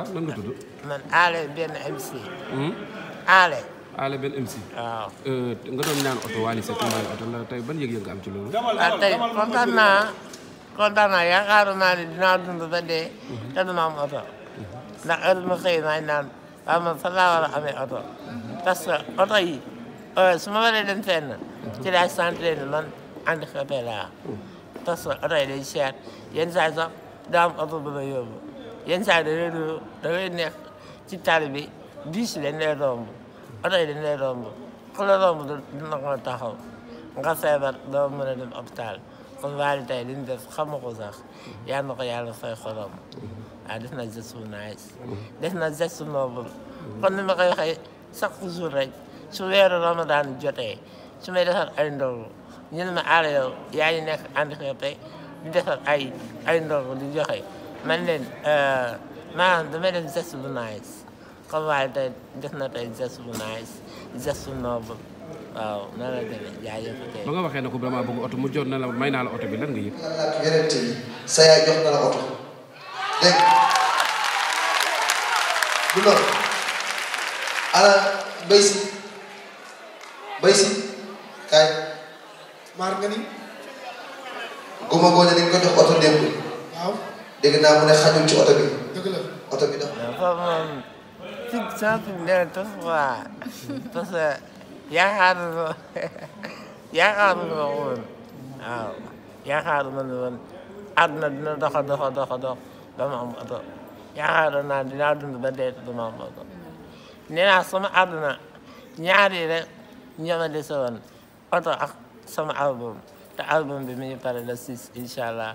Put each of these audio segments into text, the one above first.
waaw nan nga tudd. man Allé benn MC. Allé. Allé benn MC. waaw. nga doon ñaan oto Wally Seck may oto la tey ban yëg-yëg nga am ci loolu. waaw tey kontaan naa kontaan naa yaakaaroon naa ne dinaa dund ba dee. te duma am oto. ndax heure ma xëy naa naan waaw man fan laa war a amee oto. parce que oto yi su ma waree dem fenn. ci laay centré ni man handicapé laa. parce que oto yi day cher yenn saa yi sax daa am oto bu la yóbbu. yenn saa yi da ngay nekk ci tali bi bis dañ lay romb oto yi dañ lay romb ku la romb dina ko taxaw nga feebar doo mën a dem hôpital kon waaye tey li ñu def xamu ko sax yal na ko yàlla fay xorom waaw def na geste bu nice def na geste noble kon ni ma koy waxee chaque jour rek su weeru ramadan jotee su may defar ay ndogu ñu ne ma aar yow yaa ngi nekk handicapé di defar ay ay ndogu di joxe man leen euh, maanaam damay def geste bu nice comme waaye tey def na tey geste bu nice geste bu noble waaw nan la demee jaajëf tey. ba nga waxee ne ko vraiment bëgg oto mu jot na la may naa la oto bi lan nga yëg. yeneen yi sa yaay jox na la oto dégg du loolu ala bay si bay si kaay maar nga ni guma gooñe dañ ko jox oto dégg naa mu ne xajul ci oto bi. dëgg la oto bi dafa. foofu moom si sant bi dana tos waa parce que yaakaarul ma yaakaarul ma woon waaw yaakaarul ma ne woon àdduna dina dox a dox a dox a dox ba mu am oto yaakaaroon naa dinaa dund ba dee te du ma am oto nee naa sama àdduna ñaari rek ñoo ma desewoon oto ak sama album. te album bi mi ngi pare le 6 incha allah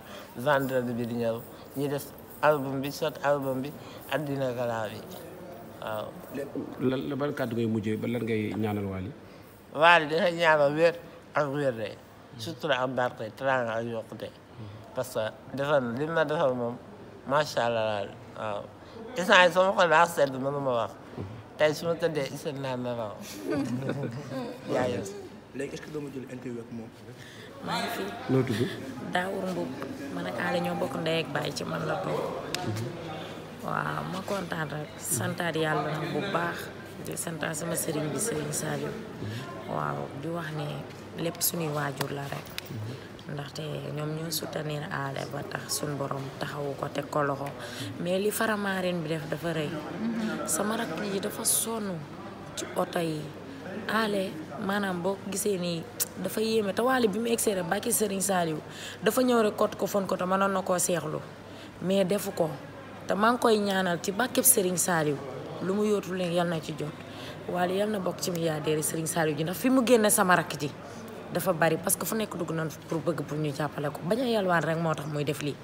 vendredi bi di ñëw ñi def album bi sot album bi addina galaa bi waaw. lan la ban kàddu ngay mujjee ba lan ngay ñaanal Wally. Wally dina ñaanal wér ak wér de surtout ak barke teraanga ak yokkute parce que defal li ma defal moom macha allah waaw instant yii sama xol daa sedd mënuma wax mhm. tey su ma tëddee isaan naa ne waaw jaajëf. léegi est-ce que doo maa fi. noo tudd. Daawur Mbub man ak Aly ñoo bokk ndey ak ci man la toog. Mm-hmm. waaw ma kontaan rek santaat yàlla nag bu baax di santaat sama sëriñ bi sëriñ Sadio mm-hmm. waaw di wax ne lépp suñuy waajur la rek mm-hmm. ndaxte ñoom ñoo soutenir aale ba tax suñ borom taxawu ko teg ko loxo mais li faramaareen bi def dafa rëy sama rakk yi dafa sonn ci oto yi aale maanaam boo gisee nii dafa yéeme te waale bi mu egsee rek bàkki sëriñ Saaliw dafa ñëw rek kot ko fon ko te mënoon na koo seexlu mais defu ko te maa ngi koy ñaanal ci bàkkeb sëriñ Saaliw lu mu yóotu leen yal na ci jot waale yal na bokk ci milliardaire sëriñ Saaliw ji ndax fi mu génne sama rakk ji dafa bari parce que fu nekk dugg nañ pour bëgg pour ñu jàppale ko bañ a yalwaan rek moo tax muy def lii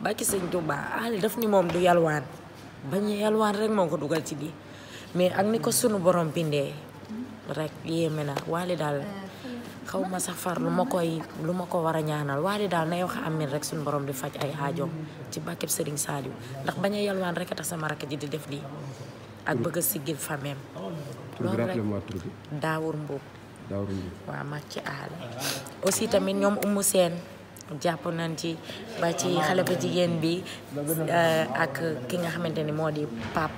bàkki sëñ Tuubaa aale daf ni moom du yalwaan bañ a yalwaan rek moo ko dugal ci lii mais ak ni ko sunu borom bindee rek yéeme na wali dal xaw eh, ma sax lu ma koy lu ma ko ñaanal wali dal nay wax amin rek sun borom di fajj ay haajo ci bàkkeb Serigne Saliou ndax baña yalwaan rek tax sama rak ji di def li ak bëgg a famem fameem loolu rek daawur mbok wa ma ci aal aussi tamit ñom umu sen jàpp nañ ci ba ci xale bu bi euh, ak ki nga xamanteni modi di pap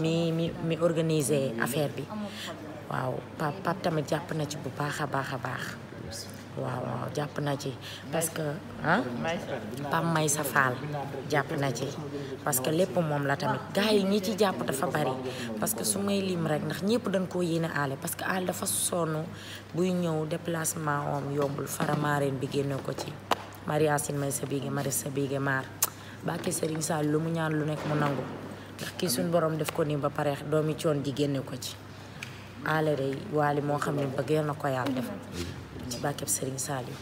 mi mi mi organiser affaire bi waaw pap pap tamit jàpp na ci bu baax a baax a baax waaw waaw jàpp na ci parce que ah may sa faal jàpp na ci parce que lépp moom la tamit gars yi ñi ci jàpp dafa bari parce que su may lim rek ndax ñëpp dañ koo yéene aale parce que aal dafa sonn buy ñëw déplacement om yombul faramaareen bi génne ko ci Marie Asine may sa biige Marie sa biige maar bàkke Serigne Sall lu mu ñaan lu nekk mu nangu ndax kii suñu boroom def ko nii ba pare doomi coon ji génne ko ci aale day waali moo xam ne bëggee na ko yàlla def ci bàkkeb Serigne Saliou